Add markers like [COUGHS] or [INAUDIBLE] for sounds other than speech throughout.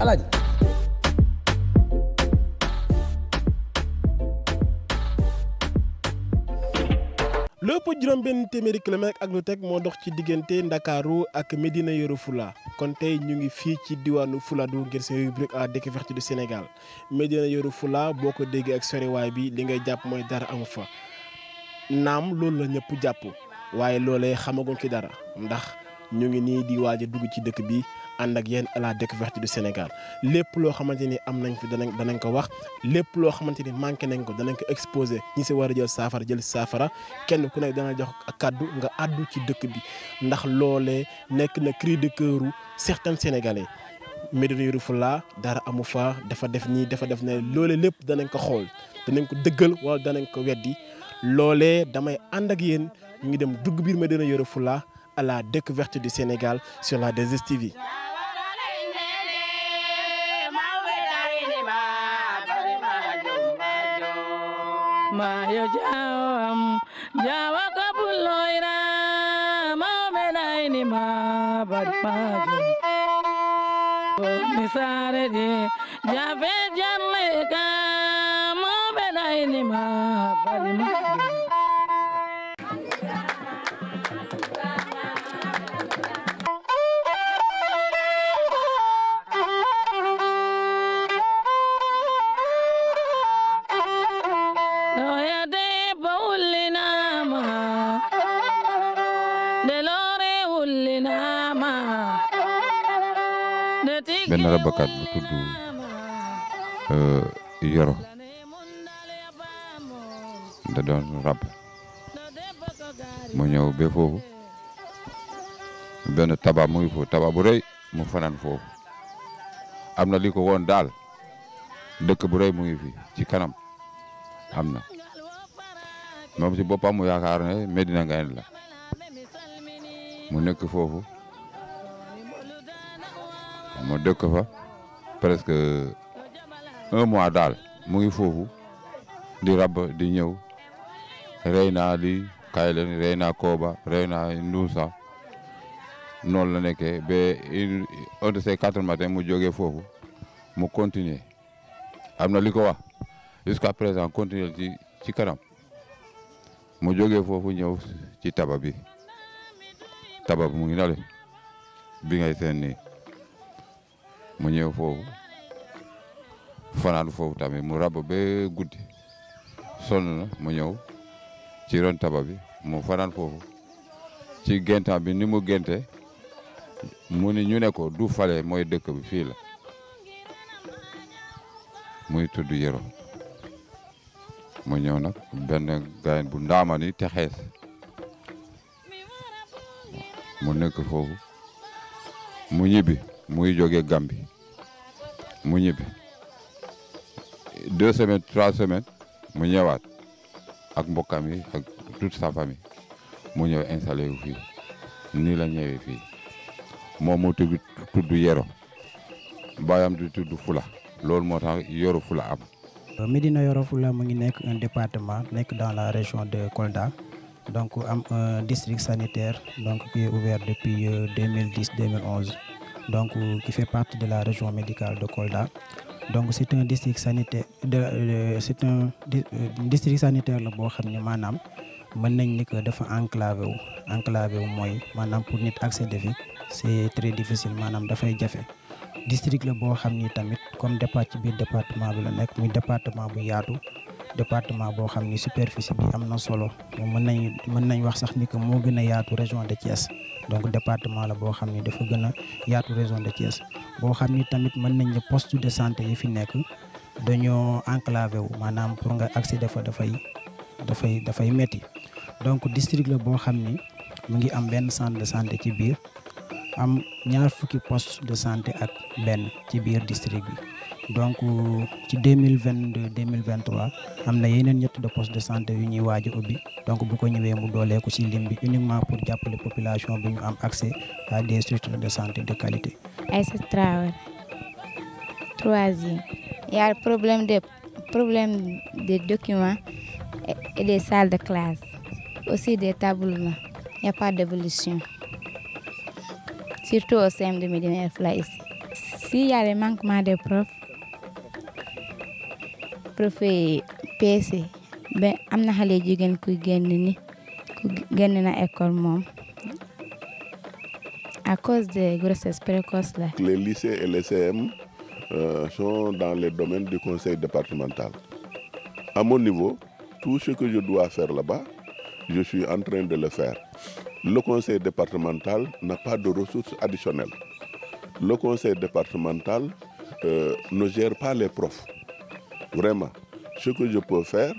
alaaji lépp juróom benn téeméeri kilomètre ak lu teg moo dox ci diggante Ndakaaru ak Médina Yoro Fula kon tey ñu ngi fii ci diwaanu Fuladu ngir seen rubrique à découverte du senegal Médina Yoro Fula boo ko déggee ak soriwaay bi li ngay jàpp mooy dara amu fa naam loolu la ñëpp jàpp waaye loolee xamaguñ ci dara ndax ñu ngi nii di waaja dugg ci dëkk bi ànd ak yéen à la du Sénégal lépp loo xamante ni am nañ fi danañ danañ ko wax lépp loo xamante ni manqué nañ ko danañ ko exposé ñi si war a jël saafara jël si saafara kenn ku nekk dana jox kàddu nga àddu ci dëkk bi ndax loolee nekk na cri de cœuru certains Sénégalais. Médina Yoro dara amu fa dafa def nii dafa def ne loolee lépp danañ ko xool danañ ko dëggal wala danañ ko weddi loole damay ànd ak yéen ngi dem dugg biir Médina Yoro Foulah à la découverte du Sénégal sur la 2STV. mayo jawam jawa kabulloyra mawɓenayni ma bad majum mi saare ɗi jafe jarleka mawɓenayni ma bad majum benn rabakat bu tudd euh, Yoro mu ñëw ba foofu benn taba mu ngi foofu taba bu mu fanaan foofu am na li ko woon daal dëkk bu rëy mu ngi fi ci kanam am na moom si boppam mu yaakaar ne Medina Ngaye la mu nekk foofu ma dëkk fa presque un mois daal mu ngi foofu di rab di ñëw rey naa li kaay rey naa kooba rey naa nduusa noonu la nekkee ba un de quatre matin mu jógee foofu mu continuer am na li ko wax jusqu'à présent continuer ci ci kanam mu jógee foofu ñëw ci taba bi taba mu ngi nale bi ngay seen ni mu ñëw foofu fanaalu foofu tamit mu rab ba guddi sonn na mu ñëw ci ron taba bi mu fanaan foofu ci gentam bi ni mu gente mu ni ñu ne du fale mooy dëkk bi fii la muy tudd Yero mu ñëw na benn gaayen bu ndaama ni te xees mu nekk foofu mu ñibbi muy jóge gambi mu ñibbi deux semaines trois semaines mu ñëwaat ak mbokkam yi ak toute sa mu ñëw installé wu fii nii la ñëwee fii moom mu tudd tudd Yero baayam di tudd Fula loolu moo tax Yoro Fula am. Euh, Médina Yoro Fula mu ngi nekk un département nekk dans la région de Kolda donc am un district sanitaire donc qui est ouvert depuis 2010 euh, 2011. donc qui fait partie de la région médicale de Kolda. donc c'est un district sanitaire de euh, c'est un euh, district sanitaire la boo xam ne maanaam mën nañ ni que dafa enclavé wu enclavé wu mooy maanaam pour nit accéder fi c'est très difficile maanaam dafay jafe district la boo xam ni tamit comme départ ci biir département bu la nekk muy département bu yaatu département boo xam ni superficie bi am na solo mën nañ mën nañ wax sax ni ko moo gën a yaatu région de Thiès donc département la boo xam ni dafa gën a yaatu région de Thiès boo xam ni tamit mën nañ ne poste de santé yi fi nekk dañoo enclavé wu maanaam pour nga accéder fa dafay dafay dafay metti donc district la boo xam ni mu ngi am benn centre de santé ci biir am ñaar fukki poste de santé ak benn ci biir district bi donc ci mille vingt deux deux mille vingt am na yeneen ñett de poste de santé yu ñuy waaj a ubbi donc bu ko ñëwee mu dooleeku ci lim bi uniquement pour jàppale population bi ñu am accès à des structures de santé de qualité. Aïssata Traoré troisième y problème de problème des documents et des salles de classe aussi des tableaux y a pas d'évolution surtout au CM de Médina Yoro Foulah ici s'il y a les manquements profe yi PC am na xale jigéen kuy génn ni ku génn na école moom à cause des grossesses précoces là. les lycées et les CM euh, sont dans les domaines du conseil départemental à mon niveau tout ce que je dois faire là-bas je suis en train de le faire le conseil départemental n'a pas de ressources additionnelles le conseil départemental euh, ne gère pas les profs Vraiment, ce que je peux faire,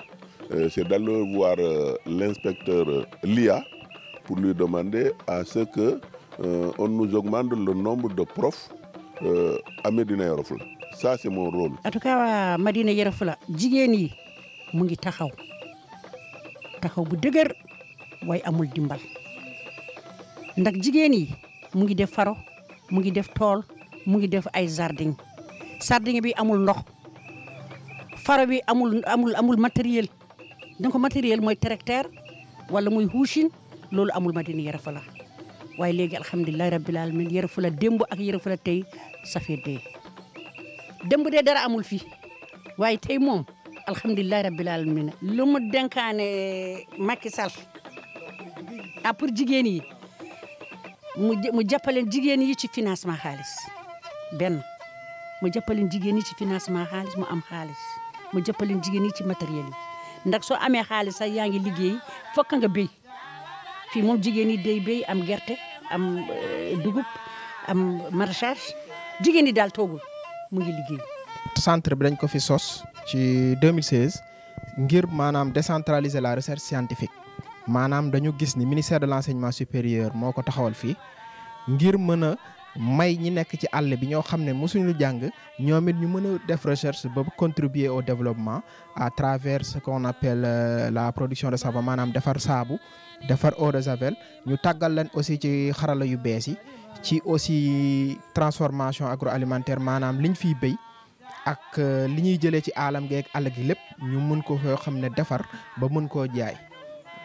euh, c'est d'aller voir euh, l'inspecteur euh, pour luy demander à ce que euh, on nous augmente le nombre de profs euh, à Medina Yarofula. Ça, c'est mon rôle. En tout cas, Medina Yarofula, jigéen yi mu ngi taxaw taxaw bu dëgër waaye amul dimbal ndax jigéen yi mu ngi def faro mu ngi def tool mu ngi def ay jardin jardin bi amul ndox. faro bi amul amul amul matériel da ko matériel mooy tracteur wala muy huusin loolu amul Madina Yoro Fula waaye léegi alhamdulilah rabbil alamin Yoro Fula démb ak Yoro Fula tey ça fait deux démb de dara amul fii waaye tey moom alhamdulilah rabbil alamin lu mu denkaane Macky Sall ah pour jigéen yi mu mu jàppaleen jigéen yi ci financement xaalis benn mu jàppaleen jigéen yi ci financement xaalis mu am xaalis mu jëppale jigéen ñi ci matériel yi ndax soo amee xaalis sax yaa ngi liggéey fokk nga béy fii moom jigéen ñi day béy am gerte am euh, dugub am maraîchage jigéen ñi daal toogul mu ngi liggéey. centre bi dañ ko fi sos ci 2016 ngir maanaam décentraliser la recherche scientifique maanaam dañu gis ni ministère de l'enseignement supérieur moo ko taxawal fii ngir mën may ñi nekk ci àll bi ñoo xam ne mosuñu jàng ñoomit ñu mën a def recherche ba contribuer au développement à travers con qu'on appelle euh, la production de savon maanaam defar saabu defar eau de javel ñu tàggal leen aussi ci xarala yu bees yi ci aussi transformation agro agroalimentaire maanaam liñ fiy béy ak euh, li ñuy jëlee ci aalam geeg àll gi lépp ñu mën ko foo xam ne defar ba mën koo jaay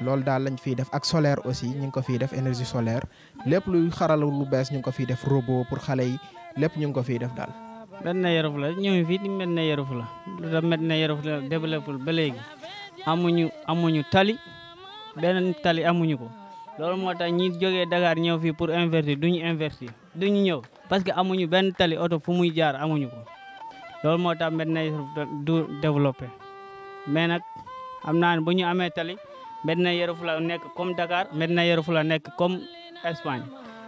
loolu daal lañ fiy def ak solaire aussi ñu ngi ko fiy def énergie solaire lépp luy xaral lu bees ñu ngi ko fiy def robot pour xale yi lépp ñu ngi ko fiy def daal. Medina Yoro Fula ñëw fii di Medina Yoro Fula lu tax Medina Yoro Fula développé ba léegi amuñu amuñu tali beneen tali amuñu ko loolu moo tax ñi jógee Dakar ñëw fii pour invertir duñu inverti duñu ñëw parce que amuñu benn tali oto fu muy jaar amuñu ko loolu moo tax Medina na Fula du développé mais nag am na ne bu ñu amee tali. Medina Yoro Fula nekk comme Dakar Medina Yoro Fula nekk comme Espagne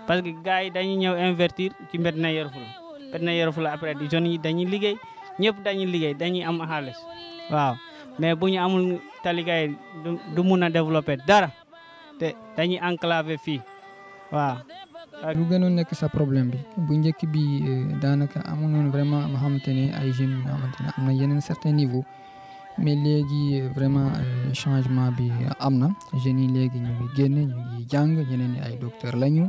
parce que gars yi dañuy ñëw invertir ci Medina Yoro Fula Medina Yoro Fula après di jeunes yi dañu liggéey ñëpp dañuy liggéey dañu am xaalis waaw mais bu ñu amul taligaay du mun a développer dara te dañuy enclavé fii waaw. lu gënoon nekk sa problème bi bu njëkk bi euh, daanaka amuñu vraiment ma xamante ne ay jeunes yoo xamante ne am na yeneen certain niveau. mais léegi vraiment changement bi am na jeunes yi léegi ñu ngi génn ñu ngi jàng ñeneen ñi ay docteur lañu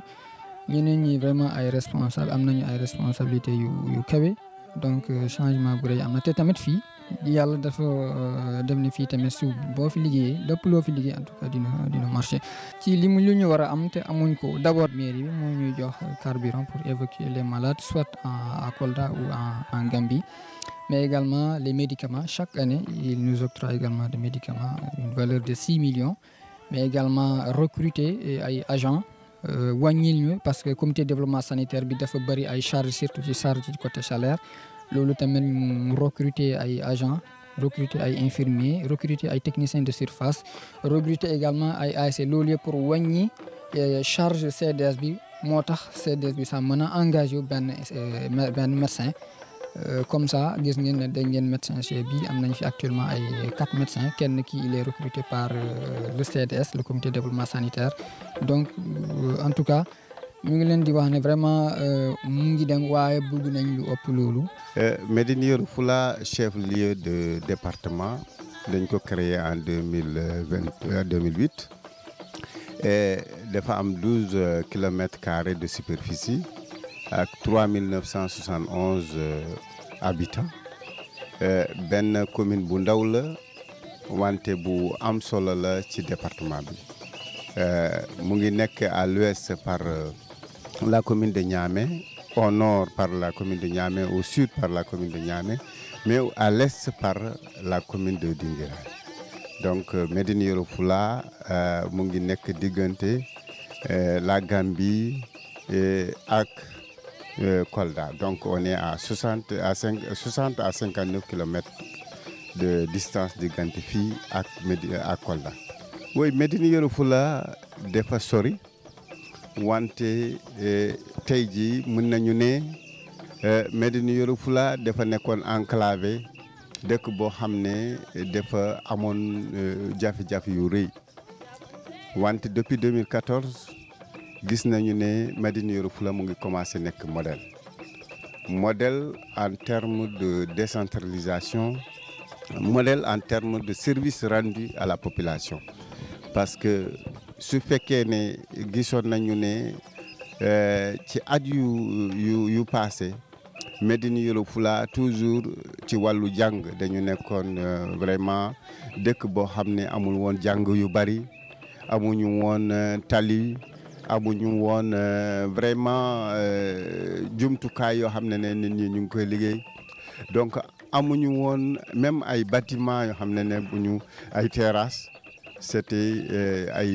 ñeneen ñi vraiment ay responsable am nañu ay responsabilité yu kawe donc euh, changement bu rëy am te tamit fii yàlla dafa euh, def ni fii tamit su boo fi liggéeyee lépp loo fi liggéey en tout dina marché ci li mu lu ñu war a am te amuñ ko d' abord mairie bi moo ñuy jox carburant pour évacuer les malades soit à Kolda ou en en Gambie mais également les médicament Chaque année, il nous octroie également des médicaments, une valeur de 6 millions, mais également recruter euh, ay agents euh, wàññil ñu parce que comité développement sanitaire bi dafa bëri ay charges surtout ci charge ci côté salaire loolu tamit mu recruter ay agents recruter ay infirmiers recruter ay techniciens de surface recruter également ay ASC loolu yëpp pour wàññi euh, charge CDS bi moo tax CDS bi sax mën a engagé benn benn médecin Euh, comme ça gis ngeen ne dégg ngeen médecin chef bi am nañ fi actuellement ay quatre médecins kenn ki il est recruté par euh, le CDS le comité de développement sanitaire donc euh, en tout cas ñu ngi leen di wax ne vraiment mu ngi dem waaye bëgg nañ lu ëpp loolu. Médina Fula chef lieu de département dañ ko créer en deux mille vingt deux mille huit dafa am douze kilomètres carré de superficie. ak 3971 euh, habitants euh, benn commune bu ndaw la wante bu am solo la ci département bi euh, mu ngi nekk à l'ouest par la commune de Niamey au nord par la commune de Niamey au sud par la commune de ñaame mais à l'est par la commune de Dinguiraye donc Médina Fula mu ngi nekk diggante la Gambie ak Euh, Kolda. Donc on est à 60 à, 5, 60 à 59 km de distance diggante fii ak média ak Kolda. oui Médina Yoro Fula dafa sori wante euh, tey jii mën nañu ne euh, Médina Yoro Fula dafa nekkoon enclavé dëkk boo xam ne dafa amoon jafe-jafe yu rëy wante depuis 2014. gis nañu ne Médina Yoro mu ngi commencé nekk modèle modèle en terme de décentralisation modèle en terme de service rendu à la population parce que su fekkee ne gisoon nañu ne euh, ci at yu yu yu passé Médina ci wàllu jàng dañu nekkoon euh, vraiment dëkk boo xam ne amul woon jàng yu bari amuñu woon euh, tali amuñu woon euh, vraiment euh, jumtukaay yoo xam ne ne nit ñi ñu ngi koy liggéey donc amuñu woon même ay bâtiment yoo xam ne ne bu ñu ay terrasse c'était euh, ay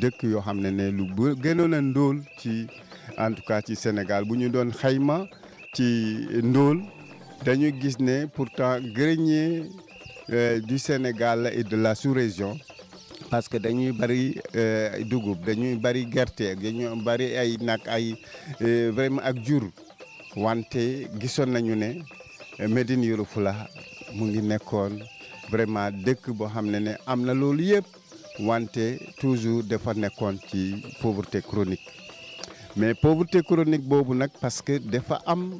dëkk yoo xam ne ne lu gënoon a ndóol ci en tout cas ci Sénégal bu ñu doon xayma ci ndóol dañu gis ne pourtant grenier du Sénégal et de la sous-région parce que dañuy bari euh, dugub dañuy bari gerte dañuy bari ay nag ay euh, vraiment ak jur wante gisoon nañu ne Médina Yoro Fula mu ngi nekkoon vraiment dëkk boo xam ne ne am na loolu yëpp wante toujours dafa nekkoon ci pauvreté chronique mais pauvreté chronique boobu nag parce que dafa am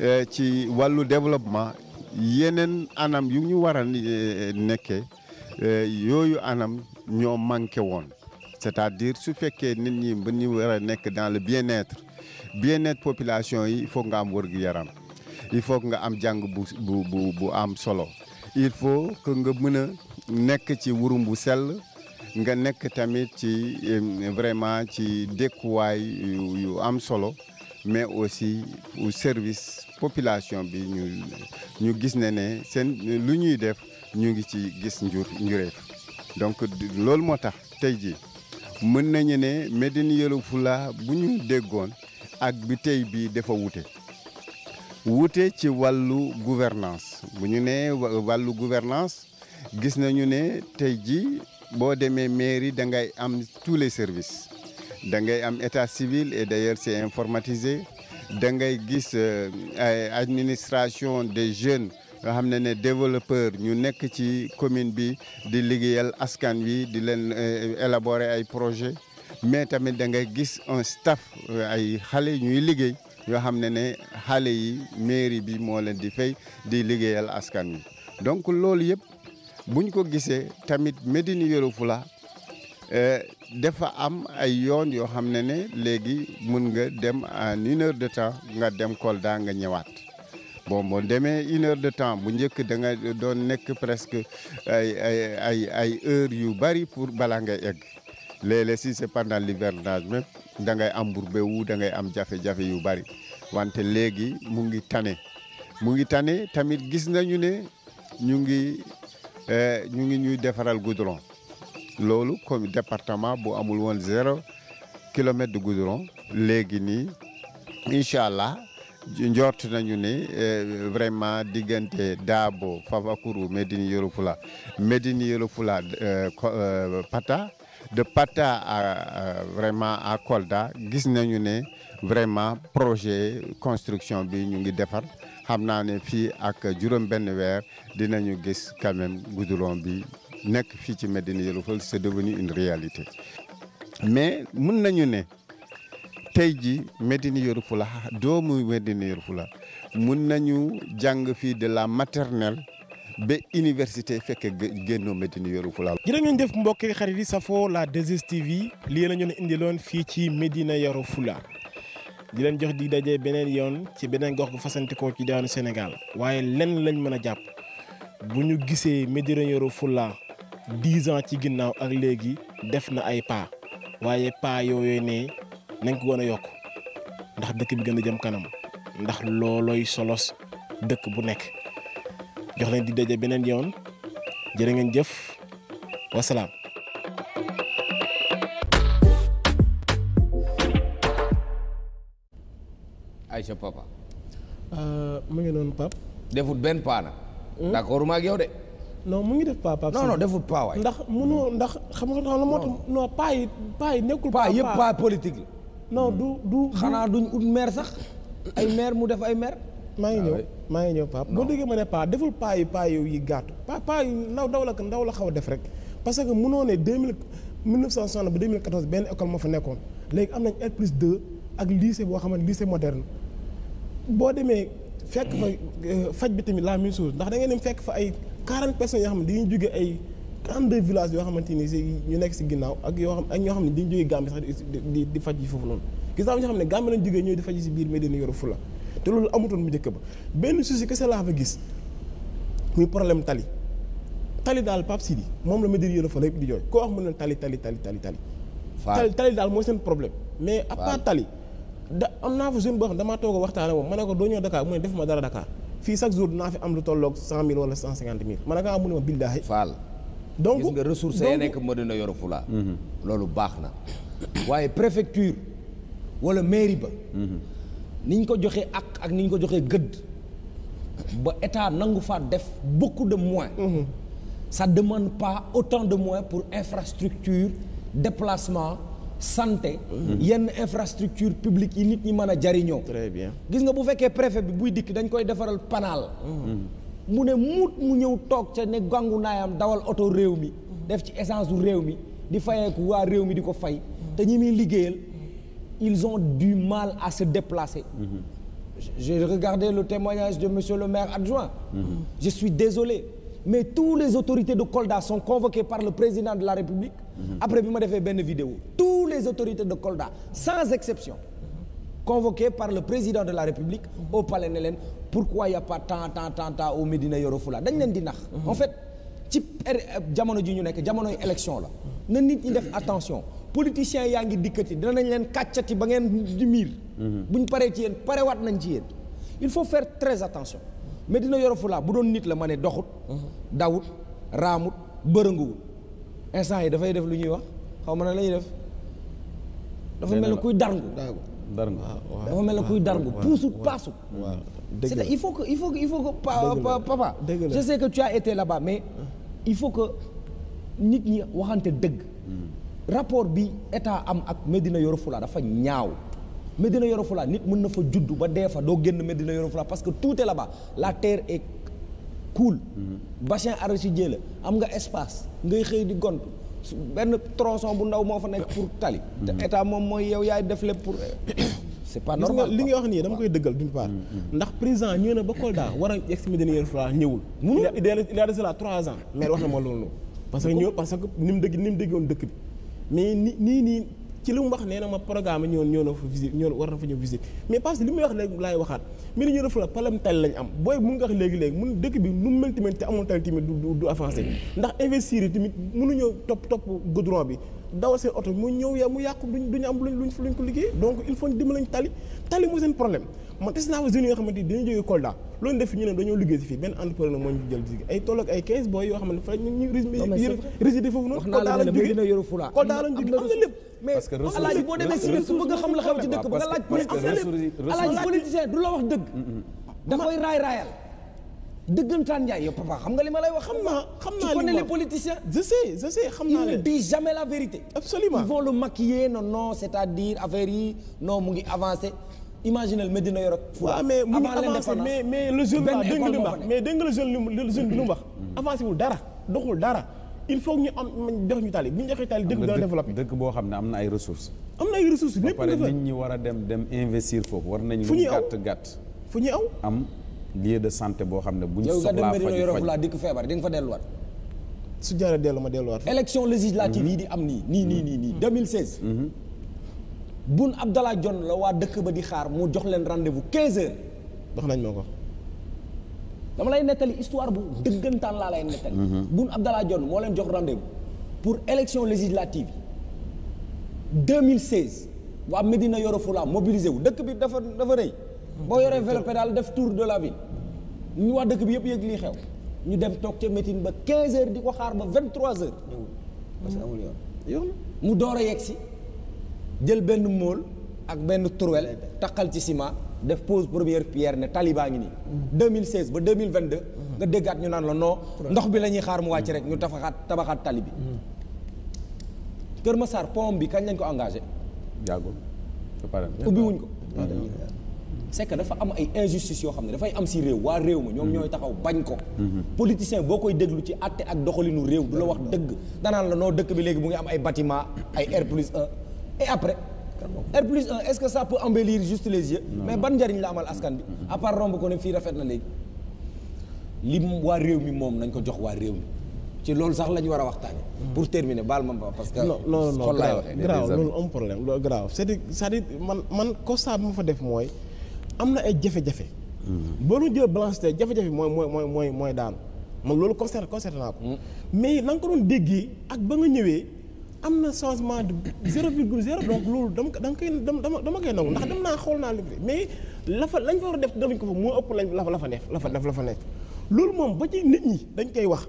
euh, ci wàllu développement yeneen anam yu ñu war a nekkee yooyu anam ñoo manqué woon c'est-à-dire su fekkee nit ñi ba ñu war nekk dans le bien-être bien-être population yi il faut nga am wërgu yaram il faut nga am jàng bu bu am solo il faut kë nga mën a nekk ci wurum bu sell nga nekk tamit ci eh, vraiment ci dëkkuwaay yu am solo mais aussi au service population bi ñu ñu gis ne ne seen lu ñuy def ñu ngi ci gis njur njureef donc loolu moo tax tey jii mën nañu ne Médina Yoro bu ñu déggoon ak bi tey bii defa wute wute ci wàllu gouvernance bu ñu nee wàllu gouvernance gis nañu ne tey jii boo demee mairie da ngay am tous les services da ngay am état civil et d'ailleurs c'est informatisé da ngay gis euh, administration des jeunes nga xam ne ne développeur ñu nekk ci commune bi di liggéeyal askan wi di leen eh, élaborer ay projet mais tamit da ngay gis un staff eh, ay xale ñuy liggéey yoo xam ne ne xale yi mairie bi moo leen di fay di liggéeyal askan wi donc loolu yëpp buñ ko gisee tamit Médina Yoro Fula eh, dafa am ay yoon yoo xam ne ne léegi mun nga dem en une de temps nga dem kol Kolda nga ñëwaat bon boo demee une heure de temps bu njëkk danga doon nekk presque ay ay ay ay heures yu bari pour balaa nga egg léeg-léeg si c'est pendant l'hivernage même da ngay am embourbé wu da ngay am jafe-jafe yu bari wante léegi mu ngi tane mu ngi tane tamit gis nañu ne ñu ngi eh, ñu ngi ñuy defaral goudron loolu comme département bu amul woon zéro kilomètre de goudron léegi nii incha allah. njort nañu ne eh, vraiment diggante Dabo Fafakuru Médina Yoro Fula Médina Yoro Fula euh, euh, Pata de Pata à euh, vraiment à Kolda gis nañu ne vraiment projet construction bi ñu ngi defar xam naa ne fii ak juróom-benn weer dinañu gis quand même goudron bi nekk fii ci Médina Yoro Fula c'est devenu une réalité mais mun nañu ne. tey ji Médina Yoro Fula doomu Médina Yoro mun nañu jàng fii de la maternelle ba université fekk génnoo Médina Yoro Fula. jërë ngeen jëf mbokk xarit yi safoo la 2 lii la ñu indiloon fii ci Médina Yoro Fula di leen jox di dajee beneen yoon ci beneen gox bu fasantikoo ci daanu senegal waaye lenn lañ mën a jàpp bu ñu gisee Médina Yoro Fula dix ans ci ginnaaw ak léegi def na ay pas waaye pas yooyu nañ ko gën a yokk ndax dëkk bi gën a jëm kanam ndax loolooy solos dëkk bu nekk jox leen di daje beneen yoon jërë ngeen jëf wasalaam. Euh, mu ngi noonu Pape. defut benn paa na. Hmm? d' accord ma ak yow de. non mu ngi def paa Pape. non non defut paa waay. ndax mënoo ndax xam nga la moo tax non yi paa yi nekkul. paa yëpp paa politique la. non du du. xanaa duñ ut maire sax ay maire mu def ay maire. maa ngi ñëw ah maa ngi ñëw Pape boo déggee ma ne Paa deful Paa yu Paa yu yi gàttu Paa Paa yu ndaw ndaw la ndaw la xaw def rek parce que munoo ne deux mille mille neuf cent soixante ba deux mille quatorze benn école moo fa nekkoon léegi am nañ R plus deux ak lycée boo xam ne lycée moderne boo demee fekk fa euh, faj bi tamit la même chose ndax da ngeen dem fekk fa ay quarante peson yoo xam ne dañuy jóge ay. 32 village yoo xamante ni si ñu nekk si ginnaaw ak yoo ñoo xam ne dañ jógee Gambie sax di faj yi foofu noonu gis naa ñoo xam ne Gambie lañ jógee ñëw di faj si biir Médina Yoro Foulah te loolu amutoon mu njëkk ba benn souci kese laa fa gis muy problème tali tali daal Pape Sidi moom la Médina Yoro Foulah yëpp di jooy koo wax mu ne tali tali tali tali tali tali daal mooy seen problème mais à tali da am naa fa jeune boo xam damaa toog waxtaan donc gis nga ressources yi nekk Médina Yoro mhm. loolu baax na waaye préfecture wala mairie mhm. ko joxee ak ak ni ko joxee gëdd ba état nangu def beaucoup de moyens mhm. ça demande pas autant de moyens pour infrastructure déplacement santé yenn infrastructure publique yi nit ñi mën a jariñoo bien gis nga bu fekkee préfet bi buy dikk dañ koy defaral panaal mu ne muut mu ñëw toog ca ne gàngu naayam dawal oto réew mi def ci essence u réew mi di fayeeku waa réew mi di ko fay te ñi muy liggéeyal ils ont du mal à se déplacer j'ai regardé le témoignage de monsieur le maire adjoint je suis désolé mais tous les autorités de Kolda sont convoquées par le président de la République après bi ma defee benn vidéo tous les autorités de Kolda sans exception convoquées par le président de la République au palais ne leen pourquoi y a pas tant tant tant tant au Médina Yoro Fula dañ leen di nax mhm. en fait ci er, jamono ji ñu nekk jamonoy élection la na nit ñi def attention politiciens yaa ngi dikkati danañ leen kàccati ba ngeen di miir mhm. buñ paree ci yéen parewaat nañ ci yéen il faut faire très attention Médina Yoro Fula bu doon nit la ma ne doxut mhm. dawut raamut bërënguwul instant yi dafay def lu ñuy wax xaw ma na la ñuy def dafa mel ni kuy darngu darngu ah, dafa mel ne kuy darngu puusu paasu. waaw dëgg il faut que il faut que il faut que papa. je sais que tu été là mais il faut que nit ñi waxante dëgg. Hmm. rapport bi état am ak Medina Yoro Fula dafa ñaaw. Medina Yoro Fula nit mën na fa judd ba dee fa doo génn Medina Yoro Fula parce que tout est là-bas la terre est cool. Hmm. bassin arachidier la am nga espace ngay xëy di gontu. benn tronçon bu ndaw moo fa nekk pour tali. te mm. état moom mooy yow yaay def lépp pour. [COUGHS] c'est pas normal li nga wax nii dama koy dëggal d'une part. Mm, mm. ndax président ñëw na ba Kolda war a yegg si Médina Fall ñëwul. munul il y a de cela trois ans. mais wax na ma loolu. parce que ñëw parce que ni mu dëgg ni mu dëggoon dëkk bi mais ni nii nii. ci li mu wax nee na ma programme ñoon ñoo na fa visite ñoo war na fa ñëw visite mais parce que li muy wax léegi laay waxaat mi ñu def la problème tali lañ am booy mu nga wax léegi-léegi mun dëkk bi nu mu mel tamit te amul tali tamit du avancé ndax investir yi tamit mënuñoo topp topp goudron bi dawal seen oto mu ñëw yaa mu yàqu duñ duñu am luñ luñ ko liggéey donc il faut ñu dimbali lañ tali tali mooy seen problème man des naa fa jeunes yoo xamante ni jógee Kolda loolu def ñu ne dañoo liggéey si fii benn entrepreneur moo ñu jël si ay tolloog foofu noonu Kolda lañ jógee Kolda lañ jógee am na a la nga politicien du la wax dëgg da raay raayal dëggantaan Ndiaye yow papa xam nga li ma lay wax. xam naa xam naa li ma tu connais xam naa leen ils jamais la vérité. absolument ils vont le maquiller non non c'est-à-dire affaire yi non mu ngi avancé. imaginez Medina Yoro waaw mais mu avancé mais mais le jeune là dégg nga li mu wax mais le jeune le jeune lu mu wax mm. ñu am jox ñu tali bu ñu joxee tali dëkk bi ne am na ay ressources am na ay ressources lépp pare war a dem dem investir foofu war fu ñuy aw am lieu de santé boo xam ne bu ñu soxlaa faj laa dikk feebar di nga fa delluwaat su jaaree dellu ma delluwaat élection mm-hmm. am nii nii nii nii nii 2016 mm-hmm. Boun Abdallah Dionne la waa dëkk ba di xaar mu jox leen rendez-vous 15 heures. dox nañ ma ko. dama lay nettali histoire bu dëggantaan laa lay nettali. Mhm. Boun Abdallah Dionne moo leen jox rendez-vous pour élection législative yi 2016 waa Medina Yoro Fula mobilisé wu dëkk bi dafa dafa rëy. boo yoree vélo pédale def tour de la ville ñu waa dëkk bi yëpp yëg lii xew ñu dem toog ca meeting ba 15 heures di ko xaar ba 23 heures. parce que mu door a yegg si. jël benn mool ak benn turwel taqal ci ciment def pose première pierre ne taliba ngi nii 2016 mm-hmm. ba 2022 mm-hmm. nga déggaat ñu naan la non ndox bi la ñuy xaar mu wàcc rek ñu tabaxaat tabaxaat tali bi mm-hmm. Kër Massar pont bi kañ lañ ko engagé yàggul ubbi wuñ ko ah, c'est que dafa am ay injustice yoo xam ne dafay am si réew waa réew ma ñoom ñooy taxaw bañ ko politicien boo koy déglu ci àtte ak doxalinu réew du la wax dëgg danaan la noo dëkk bi léegi mu ngi am ay batiment ay R plus e après R plus 1 est-ce que ça peut embellir juste les yeux mais ba njariñ la amal askan bi mm-hmm. à romb ko ne fii rafet na léegi li waa réew mi moom nañ ko jox waa réew mi ci loolu sax la ñu war a waxtaane mm-hmm. pour terminer baal ma ba parce que non non non grave loolu am problème loolu grave c'est-à-dire cest man man constat bi ma fa def mooy am na ay jafe-jafe mm-hmm. boo nu jël balance te jafe-jafe mooy mooy mooy mooy mooy daan man loolu constaté constaté naa ko mais na ko doon déggee ak ba nga ñëwee am na changement de zéro virgule zéro donc loolu dama dama koy dama dama koy nangu ndax dem naa xool naa liggéey mais la fa lañ fa war a def defuñ ko fa moo ëpp lañ la fa def la def la fa nekk loolu moom ba ci nit ñi dañ koy wax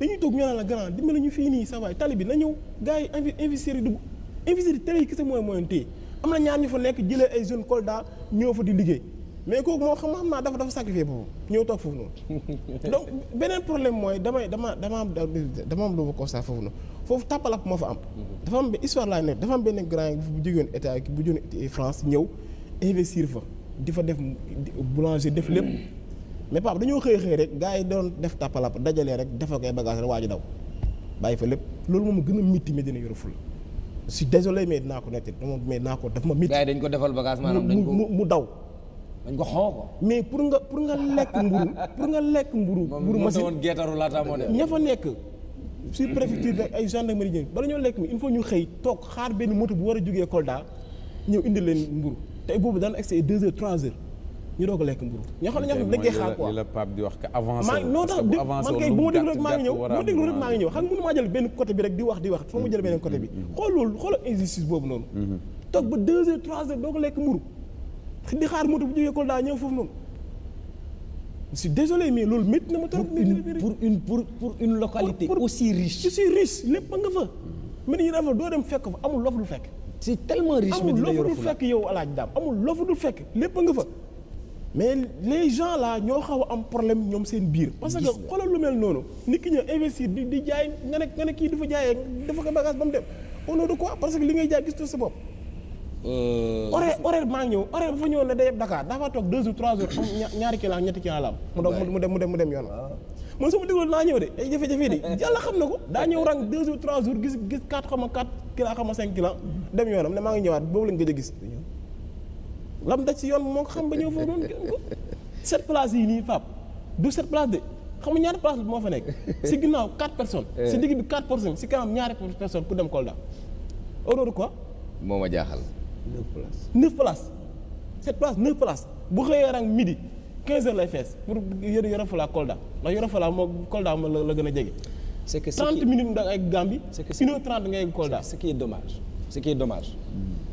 dañuy toog ñu naan la grand dimbali ñu fii nii sa tali bi na ñëw gars yi investisseurs yi dugg investisseurs yi télé yi kese mooy mooy téye am na ñaar ñu fa nekk jëlee ay zone Kolda ñëw fa di liggéey mais kooku moom xam xam naa dafa dafa sacrifié boobu ñëw toog foofu noonu [LAUGHS] donc beneen problème mooy damay dama dama am dama am lu ma constat foofu noonu foofu tàppalap moo fa am dafa am histoire laa nekk dafa am benn grand bu jógeen état bu jógeen France ñëw investir fa di fa def boulanger def lépp mais papa dañoo xëy xëy rek gars yi doon def tàppalap dajalee rek defal koy bagage rek waaju daw bàyyi fa lépp loolu moom gën a métti mais dina yoroful je suis ma métti gars dañ ko defal bagage maanaam dañ ko daw dañ ko mais pour nga pour nga lekk mburu pour nga lekk mburu mburu machine woon geetaru laata moo de ña fa nekk si préfecture rek ay gendarmerie ñëw bala ñoo lekk mi il ñu xëy toog xaar benn moto bu war a jógee Kolda ñëw indi leen mburu tey boobu daan accès deux heures trois heures ñu doog a lekk mburu ñoo xam ne la Pape di wax que avancé maa noo tax man kay bu ma déglu rek rek maa ngi ñëw xam nga maa jël benn côté bi rek di wax di wax fa mu jël beneen côté bi mm-hmm. xool loolu xoolal injustice boobu noonu mm-hmm. toog ba deux lekk mburu [LAUGHS] di xaar moto bu jógee Kolda ñëw foofu noonu je suis désolé mais loolu métti na ma trop. pour une pour pour une localité. aussi riche aussi riche lépp nga fa. mën na dafa doo dem fekk fa amul loo fa dul fekk. c'est tellement riche amul loo fa dul fekk yow alaaj daam amul loo fa fekk lépp nga fa. mais les gens là ñoo xaw a am problème ñoom seen biir. parce que xoolal lu mel noonu. nit ki ñëw investir di di jaay nga ne nga ne kii dafa jaayee dafa ko bagage ba mu dem au nom ko quoi parce que li ngay jaay gis sa bopp. Euh, mais horaire bu fa ñëwoon ne day yeb Dakar dafa toog 2 ou 3 heures am ñaari kii la ñetti kii la am mu doon ah. [LAUGHS] na ko daa ñëw rang 2 ou 3 jours gis gis 4 a gis lam daj si moo yi nii Pape du sept moo fa nekk [LAUGHS] si ginnaaw 4 personnes eh. si digg bi 4 personnes si kanam ñaari personnes ku dem Kolda horreur quoi moo ma jaaxal neuf places neuf places sept places neuf places bu xëyee rang midi quinze heures lay fees pour yër colda Fala Kolda ndax Yoro Fala moo Kolda moo la gën a jege. c'est que 30 minutes nga egg Gambie. c'est que une heure 30 nga egg Kolda. ce qui est dommage ce qui